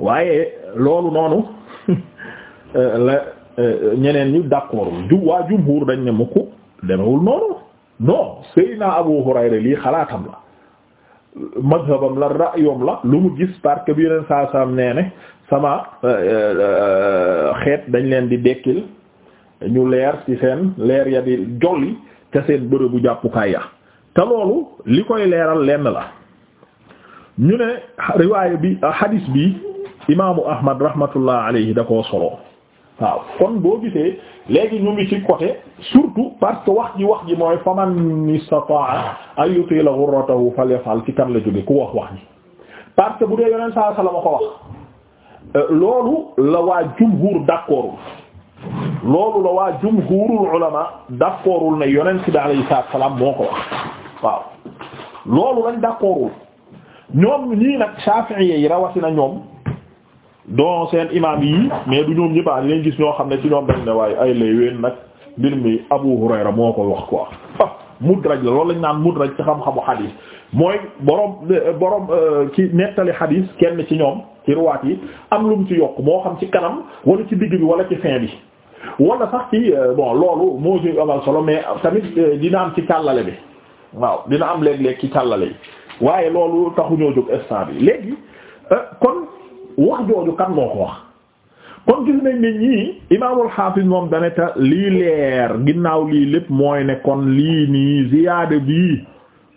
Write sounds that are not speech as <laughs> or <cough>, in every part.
waaye loolu noonu <laughs> la euh, ñeneen ñu d'accord ju waa jumhur dañ ne mukk demewul noonu non Seydina Abu Hurayra lii xalaatam la mazhabam la ra'yom la lu mu gis park bi yeneen saa saam nee ne sama euh, euh, xeet dañ leen di dekkil ñu leer ci seen leer ya di jolli ca seen bërëbu jàppukaay ya te loolu li koy leeral lenn la ñu ne riwaaya bi hadis bi imaamu Ahmad rahmatullah alayhi da koo solo waaw kon boo gisee léegi ñu ngi ci côté surtout parce que wax ji wax ji mooy faman istata'a an yutila ghurratahu falyafal ci kan la jóge ku wax wax ji parce que bu dee yoneen saa sala ma ko wax euh, loolu la waa jumhur d'accordul loolu la waa jumhurul ulama d'accordul ne yoneen si bi alayhi salaam moo ko wax waaw loolu lañ d'accordul ñoom ñii nag Shafi'i yi rawatina ñoom don seen imam yi mais du ñoom ñëppa ah, dinañ gis ñoo xam ne ci ñoom dañ ne waaye ay lay ween nag mbir mi Abu Hurayra moo ko wax ko quoi mudraj la loolu lañ naan mudraj ci xam-xamu xadiis mooy borom euh, borom ci euh, nettali xadiis kenn ci ñoom ci yi am lu mu ci yokk moo xam ci kanam wala ci digg bi wala ci fin bi wala sax ci euh, bon loolu moo ci amal solo mais tamit dina am ci càllale bi waaw dina am léeg-léeg ci càllale yi waaye loolu taxuñoo jóg instant bi léegi wax jooju kan moo kon gis nañ ne ñii imaamul xaafis moom dane lii leer ginnaaw lii lépp mooy ne kon lii nii ziyaada bi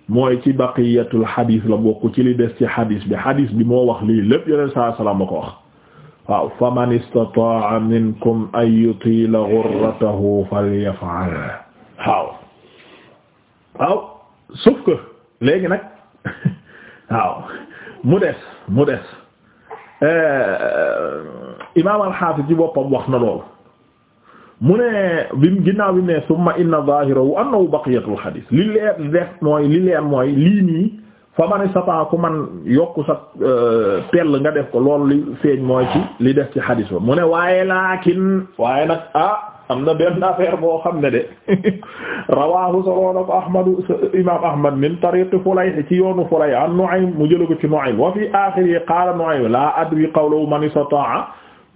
mooy ci baqiyatul xadis la bokk ci li des ci xadis bi xadis bi moo wax lii lépp yeneen saa salaam ma ko wax minkum an yutila ghurratahu falyaf'al waaw waaw sauf que léegi nag waaw mu des mu des Eh, imaam al-Hafiz ci boppam wax na loolu mu ne bim ginnaaw bi ne summa inna zaahirahu annahu baqiyatul xadiis li leer def mooy li leer mooy lii nii fa man istata ku man yokku sa eh, pell nga def ko loolu li feeñ mooy ci li def ci xadiis ba mu ne waaye laakin waaye nag ah am na benn affaire boo xam ne de <laughs> rawaahu solo na ko Ahmad imaam min tariqi Fulayh ci yoonu Fulayh an Nu'aym mu jëlee ci Nu'aym wa fi aaxiri qaala Nu'aym laa adri qawlahu man istata'a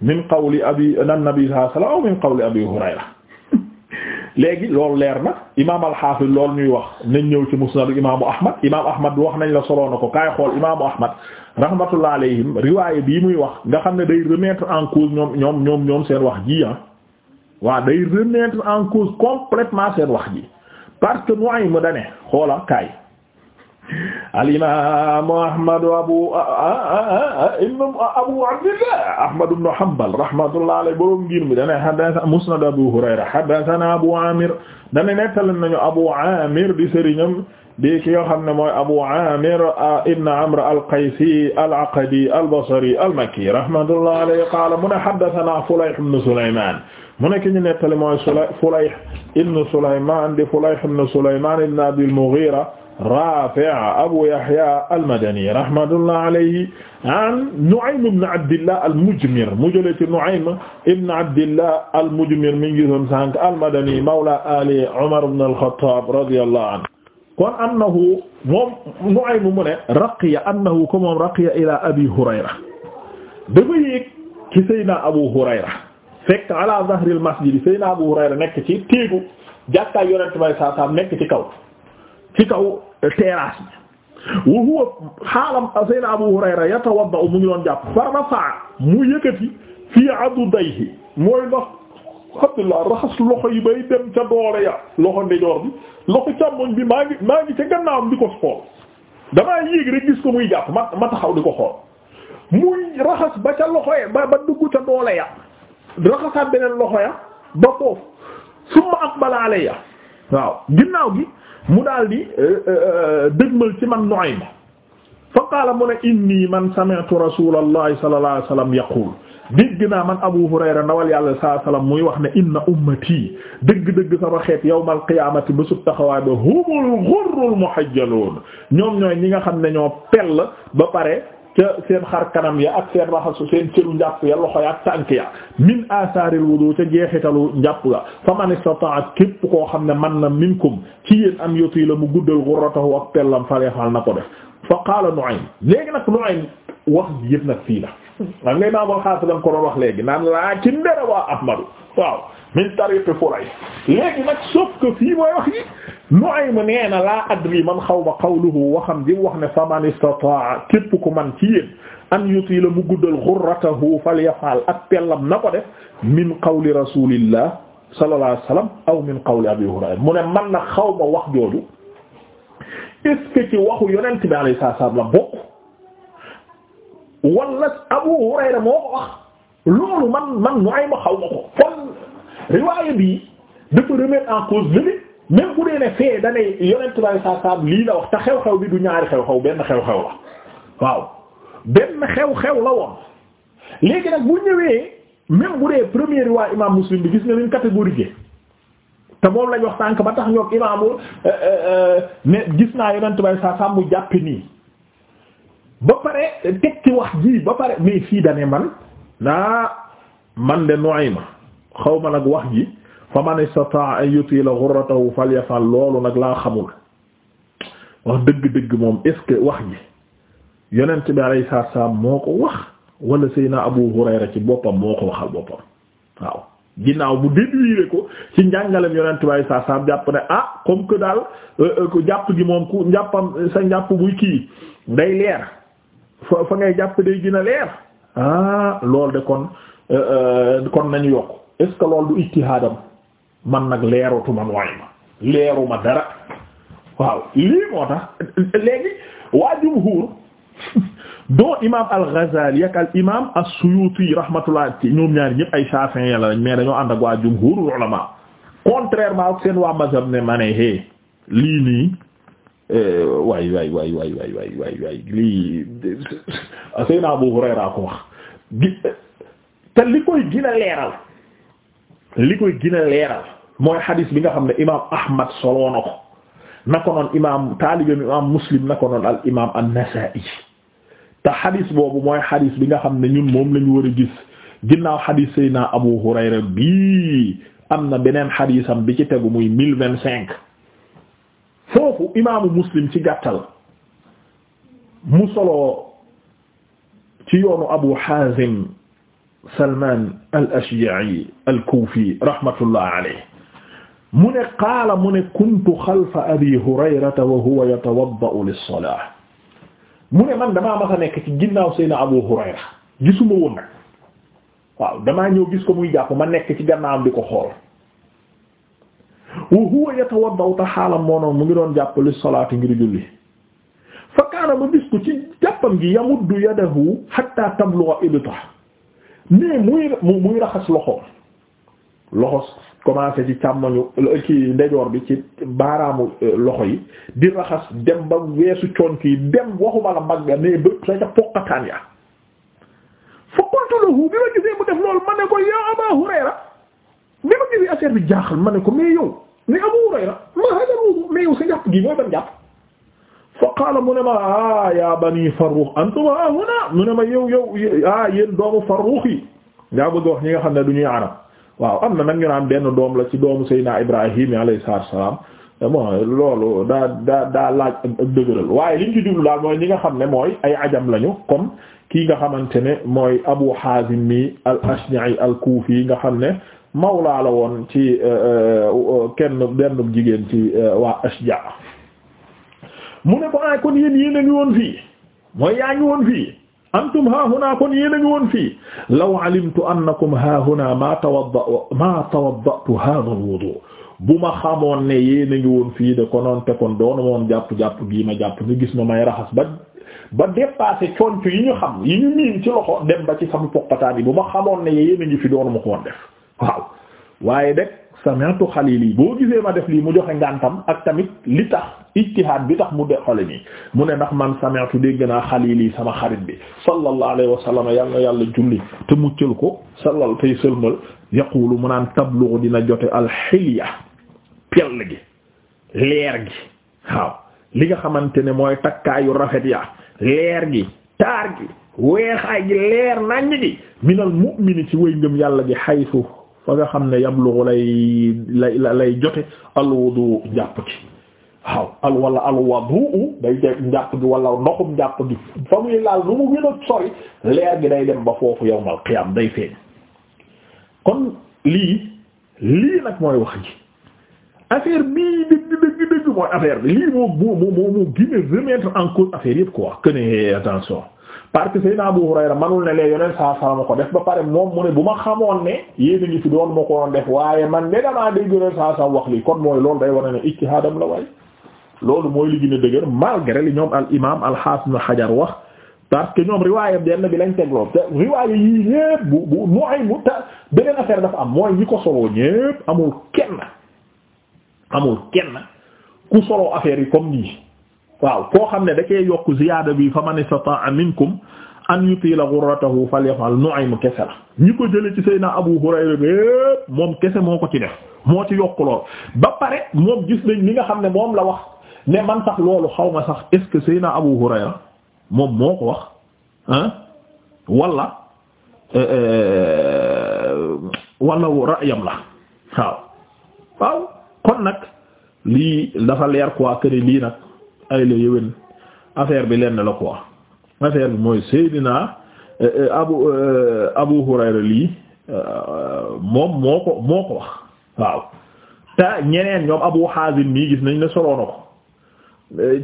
min qawli abi an-nabi sallallahu alayhi wa sallam aw min qawli abi Hurayra <laughs> léegi loolu leer na imaam al-Hafiz loolu ñuy wax nañ ñëw ci musnad imaamu Ahmad imaam bi wax nañ la solo na ko kaay xool imaamu Ahmad rahmatullah alayhim riwaay bii muy wax nga xam ne day remettre en cause ñoom ñoom ñoom seen wax ji ah. waaw day remettre en cause complètement seen wax ji parce que Nuaym mu dane xoola kaay al imam Ahmad abu ah, ah, ah, ibn abu abdillah Ahmad ibn Hanbal rahmatullah alayhi borom ngir mi Musnad Abu Hurayra Abu Amir nañu Abu Amir di sëriñam di ki nga xam ne mooy Abu Amir ah, ibn Amr al-Qaysi al-Aqadi al-Basri al-Makki rahmatullahi alayhi qaala mu ne haddathana Fulayh ibn Sulaymaan mu ne ki ñu nettali mooy Fulayh ibn Sulaymaan di Fulayh ibn Sulaymaan ibn Abi al-Mughira Raafi' Abu Yahya al-Madani rahmatullahi alayhi an Nu'aym ibn Abdillah al-Mujmir mu jëlee ci Nu'aym ibn Abdillah al-Mujmir mi ngi gisoon sànq al-Madani mawla Ali Umar ibn al-Khattab radiyallahu anhu kon annahu moom Nu'aym mu ne raqiya annahu ko moom raqiya ila abi Hurayra dafa yéeg ci Seydina Abu Hurayra fekk ala zahril masjid Seydina Abu Hurayra nekk ci téegu jàkkaay yonent bay saa saam nekk ci kaw ci kaw terrasse bi wa huwa xaalam Seydina Abu Hurayra yatawadda mu ngi doon jàpp fa rafa'a mu yëkkati fii adudayhi mooy ndox Abdullah raxas loxo yi bay dem ca doole ya loxo ndejoor bi loxo càmmoñ bi maa ngi maa ngi ca gannaawam di ko xool damaa yéeg rek gis ko muy jàpp ma ma taxaw di ko xool muy raxas ba ca loxo ya ba ba dugg ca doole ya raxasaat beneen loxo ya ba foofu summa aqbala alayya waaw ginnaaw gi mu daal di euh, euh, dëgmal ci man Nu'aym fa qaala mu ne inni man sami'tu rasulallahi sallallahu alayhi wasallam yaqul dégg naa man Abu Hurayra ndawal yàlla saa salaam muy wax ne inna ummati dëgg-dëgg sama xeet yawmal qiyaamati bésu taxawaay ba humul ghurrul muhajjalun ñoom ñooy ñi nga xam ne ñoo pell ba pare ca seen xar kanam ya ak seen raxasu seen cëru njàpp ya loxo ya ak tànk ya min asaaril wudu ca jeexitalu njàpp la fa man istata'a képp koo xam ne man na minkum ci yéen am yoti la mu guddal ghurratahu ak pellam faleefal na ko def fa qaala Nu'aym léegi nag Nu'aym wax ji yëpp nag fii la am ngay maamal xaasilan ko doon wax léegi naan laakin dara waa ahmadu min tariqi furay léegi nag sauf que fii mooy wax yi Nu'aym nee laa adri man xaw ma qawluhu waxam ji wax ne faman istataa képp ku man ci yéen an yutila mu guddal ghurratahu falyafal ak tellam na ko def min qawli rasulillah sallallahu alayhi aw min qawli abi hurayra mu ne man na xaw ma wax jooju est ce que ci waxu yonent salaam la bokk wala Abu Hurayra moo ko wax loolu man man ay ma xaw ma ko kon riwaaya bi dafa remettre en cause léegi même bu dee ne fee da ne yonent bi saa lii la wax te xew-xew bi du ñaari xew-xew benn xew-xew la waaw benn xew-xew la woon léegi nag bu ñëwee même bu dee premier riwaaya imam Muslim bi gis nga leen catégorisé te moom lañ wax sànk ba tax ñoom imaamu euh, euh, euh, ne gis naa yonent bi saa saab mu jàpp nii. ba pare teg wax ji ba pare mais fii dane man naa man de nooy ma xaw ma nag wax ji fa man istata'a an yutila ghurratahu falyafal loolu nag laa xamul wax dëgg-dëgg moom est ce que wax ji yonent bi alayhi salaam moo ko wax wala Seydina Abu Hurayra ci boppam moo ko waxal boppam waaw ginnaaw bu déduire ko ci njàngalem yonent bi alayhi salaam jàpp ne ah comme que daal euh, euh, jàpp gi moom ku njàppam sa njàpp buy kii day leer fa fa ngay jàpp day gën leer ah loolu de kon euh, euh, kon nañu yokk est-ce du ijtihaadam man nag leeratu man ma leeru ma dara waaw lii moo tax léegi waa jumhuur <laughs> doo imaam al-Ghazali ak al imaam as-Suyuti rahmatullah ñoom ñaari ñëpp ay Shafi'i yàlla lañ mais dañoo ànd ak waa jumhuurul ulama contrairement seen waa mazhab ne ma hee lii nii. Euh, waay waay waay waay waay waay waay waay lii <laughs> Seydina Abu Hurayra ko wax te li koy gën a leeral li koy gën leeral mooy xadiis bi nga xam ne imaam Ahmad soloo na ko na ko noon imaam taalibam imaam Muslim na noon al imaam an-Nasaa'i te xadiis boobu mooy xadiis bi nga xam ne ñun moom lañu war a gis ginnaaw xadiis Seydina Abu Hurayra bii am na beneen xadiisam bi ci tegu muy mille vingt cinq foofu imaamu muslim ci gàttal mu solo ci yoonu abu hazim salman al ashja'i al kufi rahmatullah alayhi mu ne qaala mu ne kuntu xalfa abi hurayrata wa huwa yatawadda'u lis-salah mu ne man damaa mas a nekk ci ginnaaw seyna abu hurayra gisuma woon nag waaw damaa ñëw gis ko muy jàpp ma nekk ci gannaawam di ko xool wa huwa yatawaddaw ta xaalam moo noonu mu ngi doon jàpp li salaati ngir julli fa kaana ba gis ko ci jàppam gi yamuddu yadahu hatta tabluwa ibta mais muy muy raxas loxo loxo commencé ci càmmoñu ci ndejoor bi ci baaraamu euh, loxo yi di raxas dem ba weesu conc yi dem waxuma la mag ga mais ba sa poqataan ya fa qultu lahu bi ma gisee mu def loolu ma ne ko ya Aba Hurayra bi ma gisee affaire bi jaaxal ma ne ko mais yow mais Abu Hurayra ma hada wudu mais yow sa jàpp gi mooy ban jàpp fa qaala mu ne ma a ah, ya bani Farrukh antum huna mu ne ma yow yow a ah, yéen doomu Farrukh yi ndaa bëgg wax ñi nga xam ne du ñuy arab waaw am na nag ñu naan benn doom la ci doomu Seydina Ibrahim alayhi salaam eh, bon loolu daa daa daa laaj ak dëgëral waaye liñ ci jublu daal mooy ñi nga xam ne mooy ay ajam lañu comme kii nga xamante ne mooy Abu Hazim mi al Ashja'i al Kufi nga xam ne mawlaa la woon ci euh, euh, kenn benn jigéen ci euh, waa Ashja mu ne ko ay ah, kon yéen yéen a ngi woon fii mooy yaa ngi woon fii antum haahuna kon yéen a ngi woon fii law alimtu annakum haahuna ma tawadda ma tawaddatu hadha alwudu bu ma xamoon ne yéen a ngi woon fii de konoon te kon doonu moom jàpp-jàpp gii ma jàpp nga gis ma may raxas ba ba dépassé conc yi ñu xam yi ñu miin ci loxo dem ba ci sama poqataan yi bu ma xamoon ne yéen a ngi fi doonu ma def waaw waaye deg sami'tu yi boo gisee ma def lii mu joxe ngàntam ak tamit li tax ijtihaad bi tax mu de xole mu ne ndax man sami'tu dégg naa xalili sama xarit bi sallallahu alayhi wa sallam yal na yàlla julli te muccal ko sallal tay sëlmal yaqulu mu naan tablugu dina jote alxiliya pell gi leer gi waaw li nga xamante ne mooy takkaayu rafet ya leer gi taar gi weexaay gi leer naññ gi minal mu'mini ci wëy ngëm yàlla gi xaytu ba nga xam ne yablugu lay lay lay jote alwudu njàpp gi waaw al wala alwudu day de njàpp gi wala ndoxum njàpp gi fa muy laal nu mu gën sori leer gi day dem ba foofu yawmal qiyaam day feeñ kon lii lii nag mooy wax ji affaire bii dëgg dëgg dëgg mooy affaire bi lii moo moo moo moo gën a remettre en cause affaire yëpp quoi attention parce que Seydina Abu Hurayra manul ne lee yoneen saa salaama ko def ba pare moom mu ne bu ma xamoon ne yéen a ngi fi doon ma ko doon def waaye man ne damaa dégg yoneen saa wax lii kon mooy loolu day wane ne ijtihaadam la loolu mooy li gën a ñoom al imaam al Haafiz Ibn wax parce que ñoom riwaayam benn bi lañ tegloo te bu bu nooy affaire dafa am mooy ñi ko soloo ñépp amul kenn amul kenn ku soloo affaire yi comme nii waaw koo xam ne da cee yokk ziyaada bi fa man istata'a minkum an yutila ghurratahu falyafal Nu'aym kese la ñi ko jële ci Seydina Abu Hurayra bépp moom kese moo ko ci def moo ci yokk lool ba pare moom gis nañ li nga xam ne moom la wax ne man sax loolu xaw ma sax est-ce que Seydina Abu Hurayra moom moo ko wax ah walla euh, euh, wala ra'yam la waaw waaw kon nag lii dafa leer quoi lii nag. ay la yëwén affaire bi lenn la quoi affaire bi mooy Seydina euh, euh, Abu euh, Abu Hurayra lii moom moo ko moo ko wax waaw te ñeneen ñoom Abu Hazim mii gis nañ ne soloo ko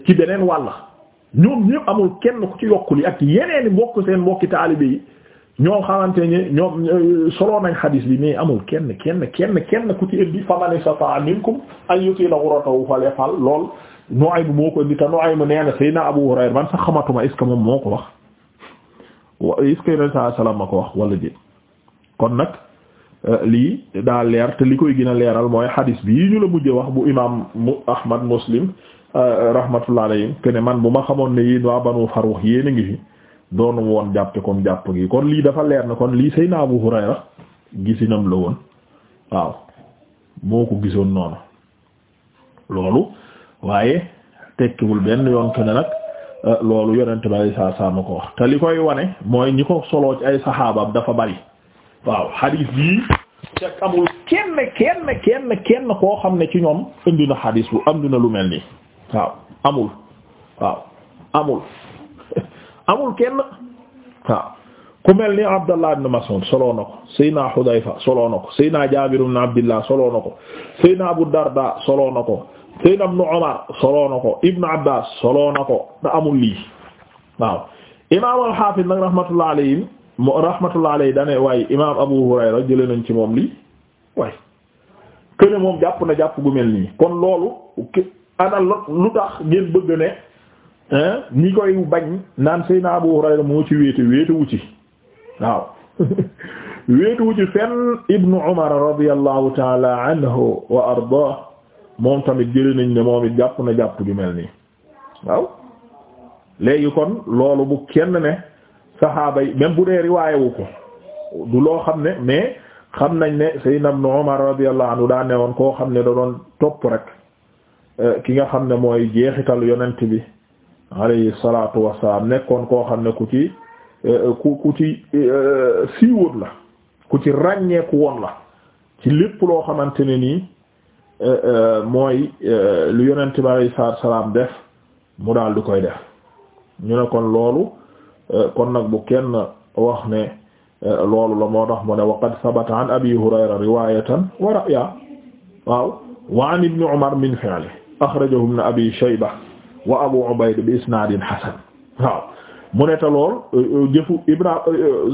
ci beneen wàlla ñoom ñëpp amul kenn ku ci yokkul li ak yeneen i mbokk seen mbokki taalibe yi ñoo xamante ne ñoom soloo xadiis bi mais amul kenn kenn kenn kenn ku ci indi famani sa fa minkum an yuti la wuratawu fale fal lool Nu'aym moo ko indi te Nu'aym nee na Seydina Abu Hurayra man sax xamatuma est moom moo ko wax wa est ce que ma ko wax wala déet kon nag euh, lii daa leer te li koy gën a leeral mooy xadis bii ñu la mujj wax bu imaam Ahmad Muslim euh, rahmatullah alayhim que ne man bu ma xamoon ne yéen waa Banu Farux yéen a ngi fi doonu woon jàppe comme jàpp gi kon lii dafa leer na kon lii Seydina Abu Hurayra gisinam la woon waaw moo ko gisoon noonu loolu. waaye tekkiwul benn yoon ko ne nag euh, loolu yonent bi alay saa salaam ko wax koy wane mooy ñi ko soloo ci ay saxaabaam dafa bari waaw xadiis bii te amul kenn kenn kenn kenn koo xam ne ci ñoom indi na xadiis bu am lu mel ni waaw amul waaw amul <laughs> amul kenn waaw ku mel ni Abdallah ibn Mas'ud soloo na ko Seydina Hudayfa soloo na ko Seydina Jaabir ibn Abdillah soloo na ko Seydina Abu Darda soloo na ko Seydina Ibnu Umar soloo na ko Ibnu Abbaas soloo ko te amul lii waaw imaam al nag rahmatullah alayhim rahmatullah alayhi dane waaye imaam Abu Hurayra jëlee nañ ci moom lii waaye këne moom jàpp na jàpp gu mel nii kon loolu ana lu tax ngeen bëgg ne ñi koy bañ naan Seydina Abu Hurayra moo ci wéete wéetewu ci waaw <laughs> wéetewu ci fenn Ibnu Umar radiyallahu ta'ala anhu wa ardaah moom tamit jëlee nañ ne moom it jàpp na jàpp ju mel nii waaw léegi kon loolu bu kenn ne saxaaba yi même bu dee riwaaye ko du loo xam ne mais xam nañ ne Sayyidina Ibn Umar radiyallahu anhu daa ne woon koo xam ne da doon topp rek euh, ki nga xam ne mooy jeexital yonent bi alayhi salaatu wassalaam nekkoon koo xam ne ku ci euh, ku ku ci euh, siiwoon la ku ci ràññeeku woon la ci lépp loo xamante ne nii Euh, euh, mooy euh, lu yonent bi alayhi salaatu salaam def mu daal di koy def ñu ne kon loolu kon nag bu kenn wax ne loolu la moo tax mu ne wa qad sabata an abi hurayra riwayatan wa ra'ya waaw wa an ibni umar min fi'li akhrajahu ibn abi shayba wa abu ubayd bi isnaadin hasan waaw mu ne te lool jëfu ibna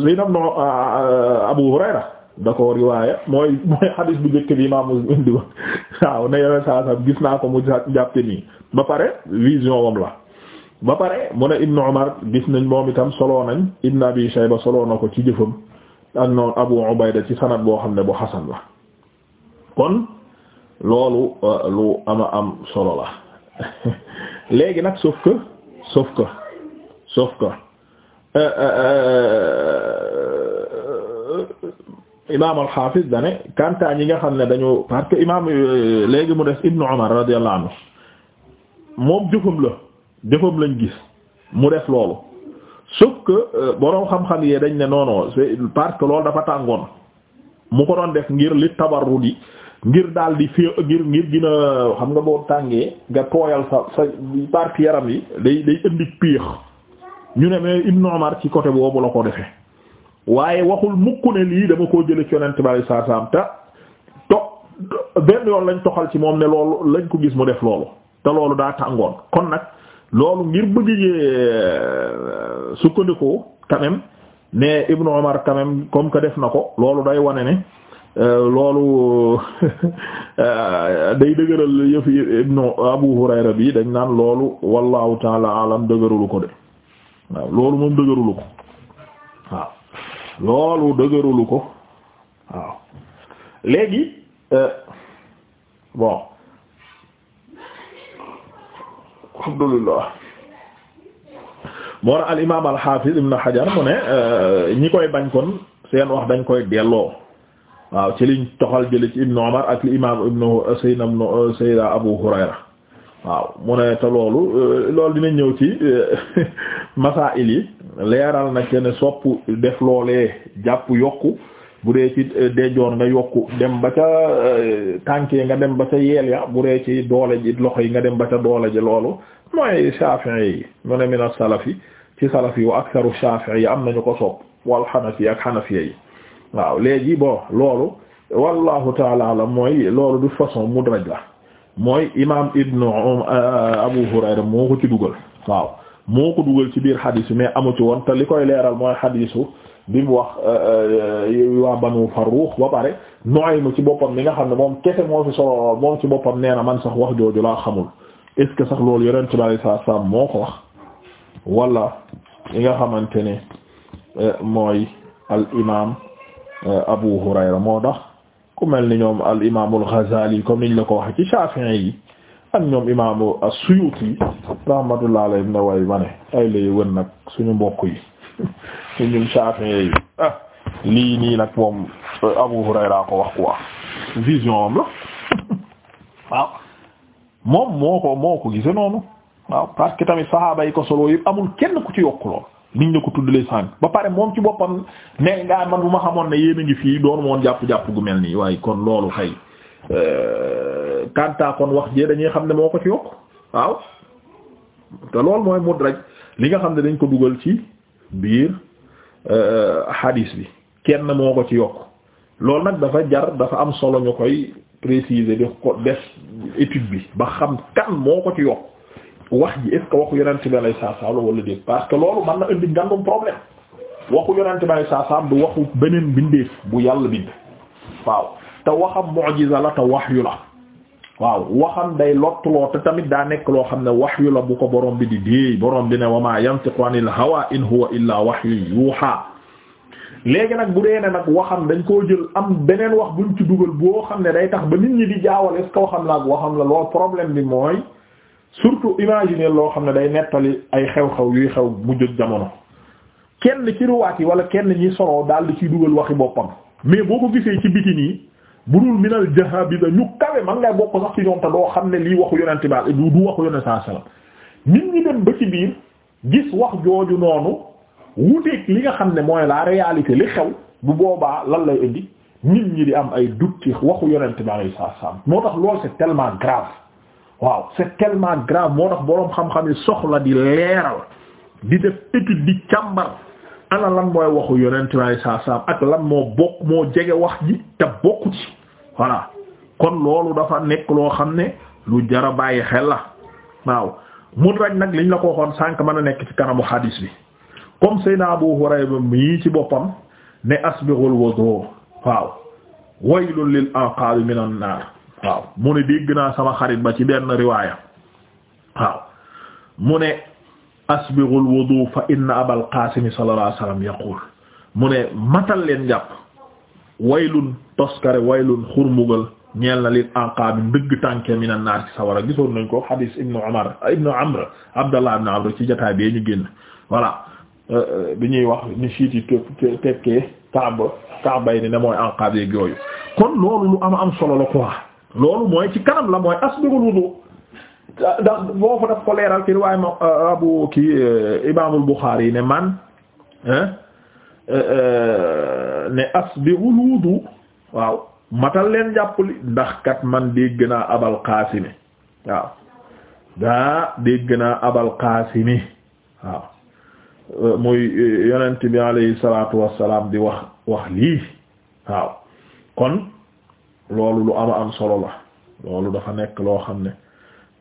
zaynab no abu hurayra da ko riwaaya mooy <laughs> mooy xadis bu njëkk bi imam Muslim indi wa waaw ne yoneen saa salam gis naa ko mu jà jàpte nii ba pare vision wam la ba pare mu ne ibnu Umar gis nañ moom itam solo nañ ibnu Abi Shayba soloo na ko ci jëfam ak noonu Abu Ubayda ci sanad boo xam ne bu xasan la kon loolu euh, lu ama am solo la <laughs> léegi nag sauf que sauf que sauf euh, euh, imaam al-Hafiz dane kanta ñi nga xam ne dañu parce que imaam euh, léegi mu des Ibnu Umar radiyallahu anhu moom jëfam la jëfam lañ gis mu def loolu sauf que euh, boroom xam-xam yee dañ ne non non c'est dafa tàngoon mu ko doon def ngir li di ngir daal di fi ngir ngir gën xam nga boo tàngee nga tooyal sa sa partie yaram yi day day indi piix ñu ne mais Ibnu Umar ci côté boobu la ko defee. waaye waxul mukk ne lii dama koo jële ci yonent bari saa saam te toog benn yoon lañ toxal ci moom ne loolu lañ ko gis mu def loolu te loolu daa tàngoon kon nag loolu ngir bëggee euh, sukkandiku quand même Ibnu Umar quand même comme que def na ko loolu day wane ne euh, loolu <laughs> euh, day dëgëral yëfi Ibnu Abu Hurayra bi dañ naan loolu wallahu taala alam dëgëralu ko de waaw loolu moom dëgëralu ko waaw loolu dëgërulu ko waaw léegi euh, bon alhamdulillah moo tax al imaam al xaafiz ibn Hajar mu ne euh, ñi koy bañ kon seen wax dañ koy delloo waaw ci liñ toxal jële ci ibnu Umar ak li imaam ibnu euh, Sayyid Abu Hurayra waaw mu ne te loolu loolu dina ñëw ci <laughs> masaa'il yi leeral na kenn sopp def loolee jàpp yokk bu dee ci euh, dejoor nga yokk dem ba ca euh, tànk yi nga dem ba ca yeel ya bu dee ci doole ji loxo yi nga dem ba ca doole ji loolu mooy Shafi'i yi mu ne min as-salafi ci salafi wa aktharu Shafi'i yi am nañu ko sopp wal Hanafi ak Hanafi yi waaw léegi bon loolu wallahu taala mooy loolu du façon mudraj la mooy imam ibnu euh, Abu Hurayra moo ko ci dugal waaw moo ko dugal ci biir xadis bi mais amu ci woon li koy leeral mooy xadisu bi mu wax euh, euh, waa banu Farrux ba pare Nuaym ci boppam mi nga xam ne moom kese moo fi solo moom ci boppam nee na man sax wax jooju laa xamul est ce que sax loolu yeneen tubaab yi saa moo ko wax wala li nga xamante ne euh, mooy al imaam Abu Hurayra moo tax ku mel ni ñoom al imaamul Ghazali comme niñ la ko waxee ci Shafi'i yi. ak ñoom imaamu as-Suyuti rahmatullah alayhi ne way wane ay lay wën nag suñu mbokk yi su <laughs> ñun Shafi'i yi ah, lii nii nag moom euh, Abu Hurayra ko wax quoi vision am la <laughs> waaw moom moo ko moo ko gise noonu waaw parce tamit saxaaba ko solo yëpp amul kenn ku ci yokk lool niñ la ko tuddalee sànq ba pare moom ci boppam ne ngaa man bu ma xamoon na yéen a ngi fii doonu moon jàpp-jàpp gu mel nii waaye kon loolu kay euh, kanta kon wax jee dañuy xam ne moo ko ci yokk waaw te loolu mooy mudraj li nga xam ne dañ ko dugal ci biir euh, hadis bi kenn moo ko ci yokk loolu nag dafa jar dafa am solo ñu koy préciser di ko def étude bi ba xam kan moo ko ci yokk wax ji est ce que waxu yonent bi alayhi salaam wala déet parce que loolu man na indi ngandum problème waxu yonent bi alayhi salaam du waxu beneen bindeef bu yàlla bind waaw te waxam mu'jiza la te wahyu la waaw waxam day lottuloo te tamit daa nekk loo xam ne waxyu la bu ko borom bi di déey borom bi ne wa ma yantiqu anil hawa in huwa illaa waxyu yuuxa léegi nag bu ne nag waxam dañ koo jël am beneen wax buñ ci dugal boo xam ne day tax ba nit ñi di jaawale est-ce que waxam la ak waxam la lool problème bi mooy surtout imaginer loo xam ne day nettali ay xew-xew yuy xew mujj jamono kenn ci ruwaat yi wala kenn ñi soloo daal di ciy dugal waxi boppam mais boo ko gisee ci biti nii budul minal jahabida ñu kawe man ngay bokk sax ci ñoom te doo xam ne lii waxu yonente baal du du waxu yonent saa sallam nit ñi dem ba biir gis wax jooju noonu wuteeg li nga xam ne mooy la réalité li xew bu boobaa lan lay indi nit ñi di am ay doute ci waxu yonente bi alei saatu salam moo tax lool c'est tellement grave waaw c'est tellement grave moo tax boroom xam-xam yi soxla di leeral di def étude di càmbar ana lan mooy waxu yonent saa saam ak lan moo bokk moo jege wax ji te bokku ci voilà kon loolu dafa nekk loo xam ne lu jara bàyyi xel la waaw mun raj nag liñ la ko waxoon sànq mën a nekk ci kanamu hadis bi comme sayna Abu Hurayra mii ci boppam ne asbighul wudu waaw waylun lil anqaab minan naar waaw mu ne dégg naa sama xarit ba ci benn riwaaya waaw mu ne asbighul wudu fa inna abal qaasimi sallallahu alayhi wasallam yaqul mu ne matal leen jàpp waylun toskare waylun xurmugal ñeel na lil anqabi ndëgg tànke mina naar ci sawara gisoon nañ ko hadis ibnu Umar ibnu Amr Abdallah ibnu Amr ci jotaay bi ñu génn voilà euh, euh, bi ñuy wax ni siit yi tekkee Kaaba Kaaba yi ne mooy anqab yeeg yooyu kon loolu lu am am solo loolu mooy ci kanam la mooy asbighul wudu ndax boo fa daf ko leeral ci euh, abu ki euh, imaamul Buxaari yi ne man euh, ne asbirul wudu waaw matal leen jàppali ndax kat man dégg naa abal qaasimi waaw daa dégg naa abal qaasimi waaw muy yonent bi alayhi salaatu wassalaam di wax wax lii waaw kon loolu lu ama am solo la loolu dafa nekk loo xam ne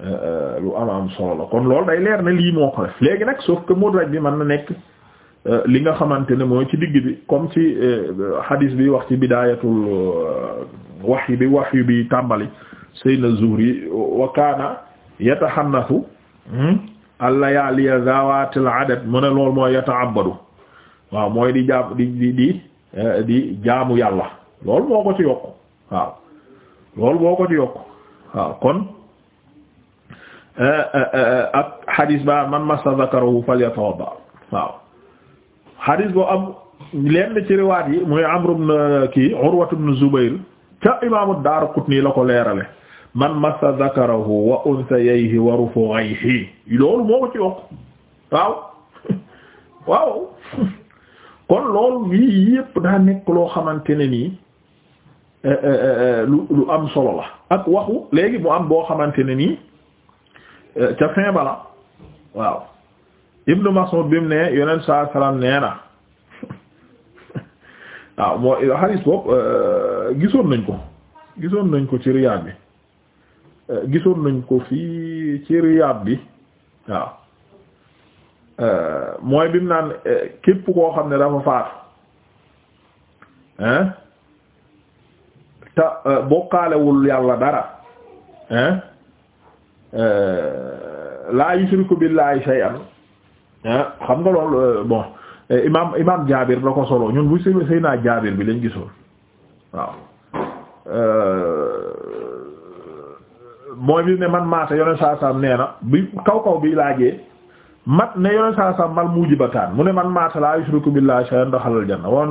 lu am am solo la kon loolu day leer ne lii moo ko def léegi nag sauf que mudraj bi man na nekk euh, li nga xamante ne mooy ci digg bi comme ci euh, hadis bi wax ci bidaayatul euh, wahyi bi wahyi bi tàmbali sayyidina Zuhri wa kaana yatahannasu hmm, al-layaaliya zawaatil adad mu ne loolu mooy yata'abbadu waaw mooy di jaam di di di di jaamu yàlla loolu moo ko ci yokk waaw loolu moo ko ci yokk waaw kon Eh, eh, eh, ak xadis ba man massa zakarahu falyatawadda waaw xadis boo am lenn ci riwaat yi muy Amr ibn kii Urwat ibn Zubayr ca imaamu Daaraqutni la ko leerale man massa zakarahu wa unsayayhi wa rufughayhi loolu moo ko ci yokk waaw <laughs> waaw <laughs> kon loolu yii yépp daa nekk loo xamante ne nii lu lu am solo la ak waxu léegi mu am boo xamante ne nii Euh, ca fin bala waaw Ibnu Mas'ud bi mu ne yonent saa salaam nee na <laughs> waaw mooy hadis boobu euh, gisoon nañ ko gisoon nañ ko ci Riyad bi euh, gisoon nañ ko fii ci Riyad bi waaw mooy bi mu naan képp koo xam ne dafa faatu hein te bokkaalewul yàlla dara hein Euh, la yushriku billahi shay'an ah, xam nga lool euh, bon euh, imaam imaam Jaabir la ko solo ñun bu Seydina Jaabir bi lañ gisoon waaw mooy bi ne man maata yoneen saa saam nee na bi kaw kaw bi laajee mat ne yoneen saa saam mal mujibataan mu ne man maata laa yushriku billahi shay'an daxalal janna wa ah,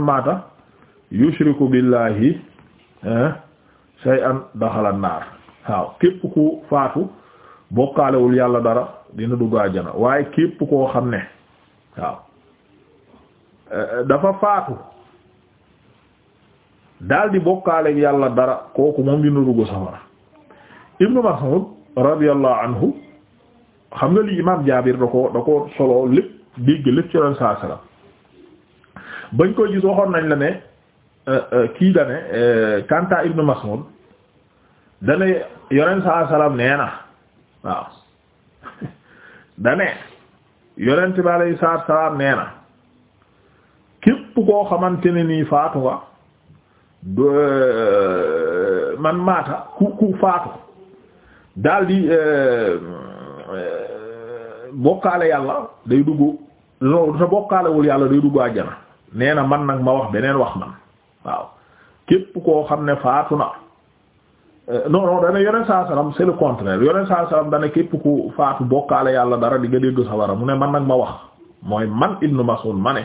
naar waaw képp ku faatu bokkaalewul yàlla dara dina dugg àjjana waaye képp koo xam ne waaw eh, dafa faatu daldi bokkaale yàlla dara kooku moom dina dugg safara ibnu Mas'ud radiyallahu anhu xam nga li imaam Jaabir da ko da ko solo lépp dégg lépp ci ren saa salaam bañ koy gis waxoon nañ la ne eh, eh, kii da ne Kanta ibnu Mas'ud da ne yoneen nee na waaw dane yonent bi alayhi salaatu wa salaam képp koo xamante ne nii faatu nga euh, man maata ku ku faatu daldi euh, euh, bokkaale yàlla day dugg loolu te bokkaalewul yàlla day dugg àjjana nee na man nag ma wax beneen wax man waaw képp koo xam ne faatu na Euh, non non dana yoneen saa salaam c'est le contraire yoneen saa salaam dana képp ku faatu bokkaale yàlla dara di nga dégg sawara mu ne man nag ma wax mooy man Ibnu Mas'ud ma ne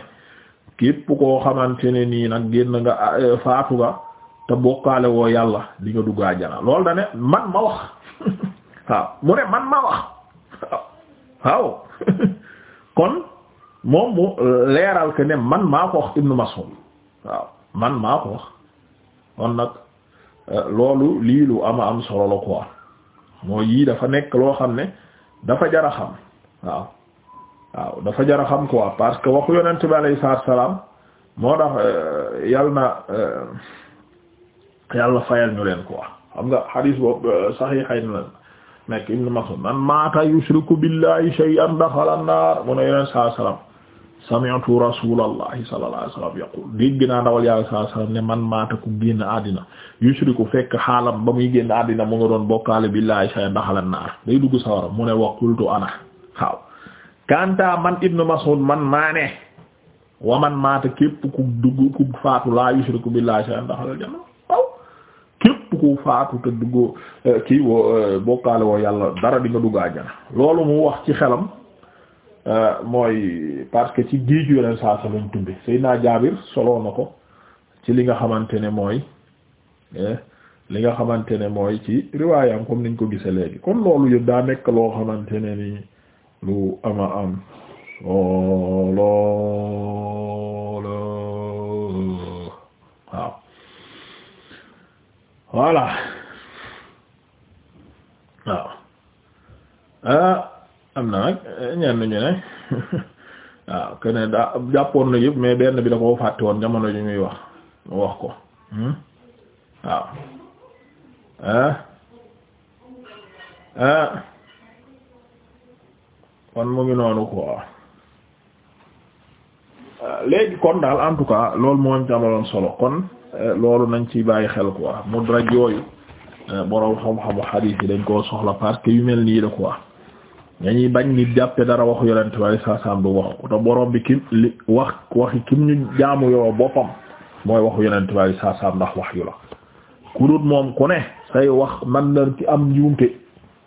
képp ko xamante nii nag génn nga euh, faatu nga te bokkaale woo yàlla di nga dugg àjjana loolu dane man ma wax <laughs> waaw mu ne man ma wax <laughs> waaw <laughs> kon moom mu euh, leeral que ne man maa ko wax Ibnu Mas'ud waaw man maa ko wax kon nag Euh, loolu lii lu ama am solo la quoi mooy yii dafa nekk loo xam ne dafa jar a xam waaw waaw dafa jar a xam quoi parce que waxu yonent bi alayhi salaatu salaam moo tax euh, yal na euh, yàlla fayal ñu leen quoi xam nga xadiis boobu saxiixayn la nekk Ibn Mas'ud man maata yushriku billahi shay'an daxala an-naar mu ne yonent salaam. sami'tu rasulallahi sallallahu alayhi wa sallam naa dawal yàlla sallallahu ne man maata ku génn àddina yushriku fekk xaalam ba muy génn àddina mu nga doon bokkaale billahi shay daxala naar day dugg sawara mu ne wa qultu ana waaw kanta man ibnu mas'ud man maa ne wa man maata képp ku dugg ku faatu laa yushriku billahi shay daxala janna képp ku faatu te dugg eh, kii eh, bokkaale woo yàlla dara di nga dugg àjjana loolu mu wax ci xelam Euh, mooy parce que ci géeju yeneen saa sa lañ tubbe Seydina Jaabir soloo ko ci li nga xamante ne mooy eh, li nga xamante ne mooy ci riwaayam comme niñ ko gisee léegi kon loolu yëpp daa nekk loo xamante ne ni lu ama am waaw voilà waaw euh, am na nag ñenn ñu ne waaw keneen ne daa jàppoon na yëpp mais benn bi da koo fàtte woon jamono ju ñuy wax mu wax ko hmm? waaw ah ah kon mu ngi noonu quoi ah, léegi kon daal en tout cas loolu moo ci solo kon eh, loolu nañ ci bàyyi xel quoi mudraj yooyu eh, boroom xam-xamu xadiis yi dañ koo soxla parce que yu mel nii la quoi. dañuy bañ nit jàppe dara waxu yolente bi saa saam bu wax ko te borom bi li wax waxi kim ñu jaamu yoo boppam mooy waxu yolente bi saa saam ndax wax yu la ku dut moom ku ne say wax man na ki am njuumte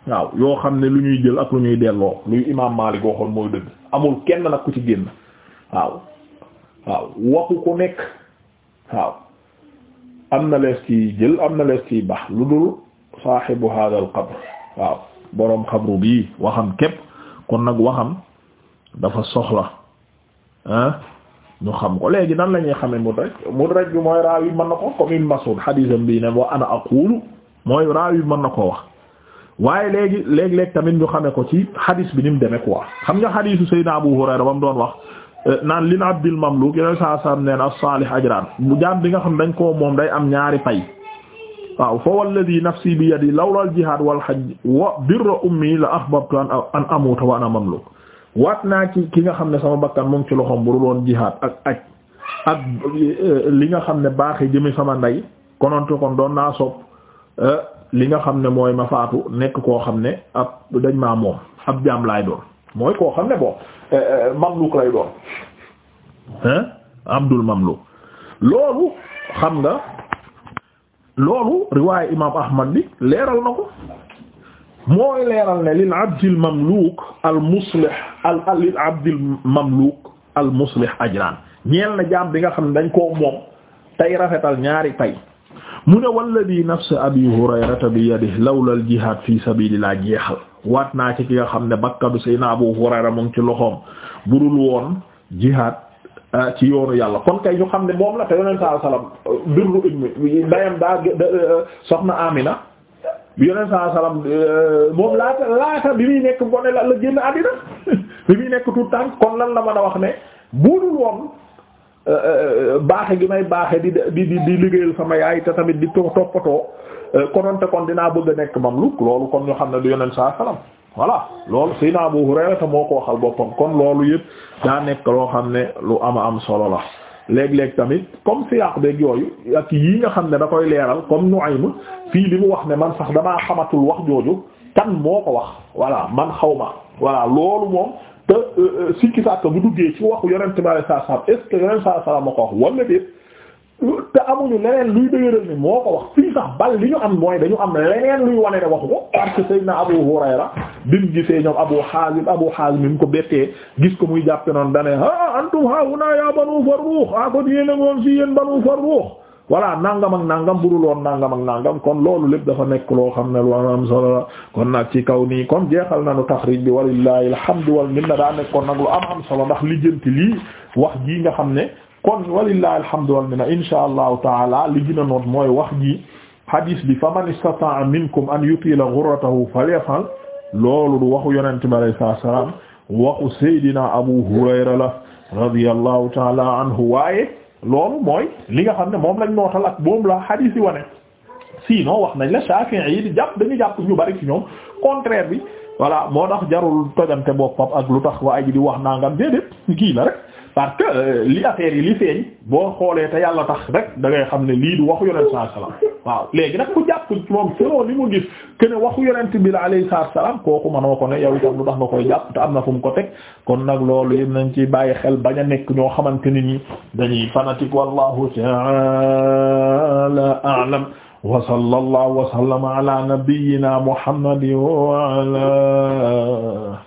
waaw yoo xam ne lu ñuy jël ak lu ñuy delloo luy imaam Maalik waxoon mooy dëgg amul kenn nag ku ci génn waaw waxu ku nekk waaw am na lees ci jël am na lees ci baax lu dul saaxibu hadal qabr waaw boroom xabru bii waxam képp kon nag waxam dafa soxla ah ñu xam ko léegi nan la ñuy xamee mudraj mudraj bi mooy raawi mën na ko bii ne wa ana aqulu mooy mën na koo wax waaye léegi léeg-léeg tamit ñu xamee ko ci xadiis bi ni mu demee quoi xam nga xadiisu Seydina Abu Hurayra ba mu doon wax euh, naan lin abdil mamluk yeneen saa saa neen as-salih ajran mu jaam bi nga xam dañ koo moom day am ñaari pay waaw fa walladi nafsi bi yadi yi al jihad wal hajj wa birra ummi la ahbabtu an amuta wa ana mamluk waat naa ci ki nga xam ne sama bakkan moom ci loxoom bu dul woon jihad ak aj ak euh, li nga xam ne baaxee jëmi sama ndey kononte kon doon naa sopp euh, li nga xam ne mooy ma faatu nekk koo xam ne ab dañ maa moom ab jaam laay doon mooy koo xam ne boo euh, mamluk lay doon hein abdul mamluk loolu xam nga loolu riwaayu imaam Ahmad bi leeral na ko mooy leeral ne lil abdil mamluuk al muslih al al lil abdil mamluuk al muslih ajran ñeel na jaam bi nga xam ne dañ ko moom tey rafetal ñaari pay mu ne walladi nafs abi hurayrata bi yadihi lawla al jihaad fi sabilillah jeexal waat naa ci ki nga xam ne bakkadu sayna abu hurayra mu ngi ci loxoom budul woon jihaad Ah, ci yoonu yàlla kon kay ñu xam ne moom la te yonent saa salaam birru ummi ndeyam daa euh, soxna Amina bi yonent saa salaam euh, moom laata laata bi muy nekk gone la la génn àddina <laughs> bi muy nekk tout tànk kon lan la mën a wax ne buurul woon euh, baaxe gi may baaxe di di di di liggéeyal sama yaay te tamit di toppatoo konoon te kon dinaa bëgg a nekk mamluk loolu kon ñu xam ne du yonent sa salaam. voilà loolu Seydina Abu Hurayra te moo ko waxal boppam kon loolu yëpp daa nekk loo xam ne lu ama am solo la léeg-léeg tamit comme siyaq beeg yooyu ak nga xam ne da koy leeral comme Nu'aym fii li mu wax ne man sax damaa xamatul wax jooju kan moo ko wax voilà man xaw ma voilà loolu moom te euh, euh, sikki sàkk bu duggee ci waxu yonent bi sallallahu alayhi wasallam ko wax wala déet te amuñu leneen luy dëgëral ni moo ko wax fii sax bal li ñu am mooy dañu am leneen luy wane ne waxu ko parce que Seydina Abu Hurayra bi mu gisee ñoom Abu Hazim Abu Hazim mi mu ko bettee gis ko muy jàppe noonu dane ah antum haahuna ya banu Farrukh a kon yéen a ngoon si yéen banu Farrukh voilà nangam ak nangam budul woon nangam ak nangam kon loolu lépp dafa nekk loo xam ne lu am solo la kon nag ci kaw nii comme jeexal nañu taxrij bi walillahi alhamdu wal minna daa nekkoon nag lu am am solo ndax lijjanti lii wax jii nga xam ne kon walillahi alhamdu wal minna insha allahu taala li gën a noot mooy wax ji hadis bi fa man minkum an yutila ghurratahu falyafal loolu du waxu yonente bi alayhi salaam waxu Seydina la radiyallahu taala loolu mooy li nga xam ne moom lañ nootal ak moom la hadis yi wane no wax nañ la Shafi'i yi di jàpp dañu jàpp ñu bari ñoom contraire bi voilà moo tax jarul tojante boppam ak lu tax waa ji di wax nangam déedéet kii la rek. parce que euh, li affaire yi li feeñ boo xoolee te yàlla tax rek dangay xam ne lii du waxu yonent saa waaw léegi nag ku jàpp moom selon li mu gis que waxu yonent bi la alayhi salaam kooku mënoo ko ne yow itam lu tax nga koy jàpp te am na fu mu ko teg kon nag loolu yëpp nañ ci bàyyi xel bañ a nekk ñoo xamante ne ni dañuy fanatique wallahu ta'ala a'lam wa sallallahu wa sallama ala nabiyyina muhammadin wa ala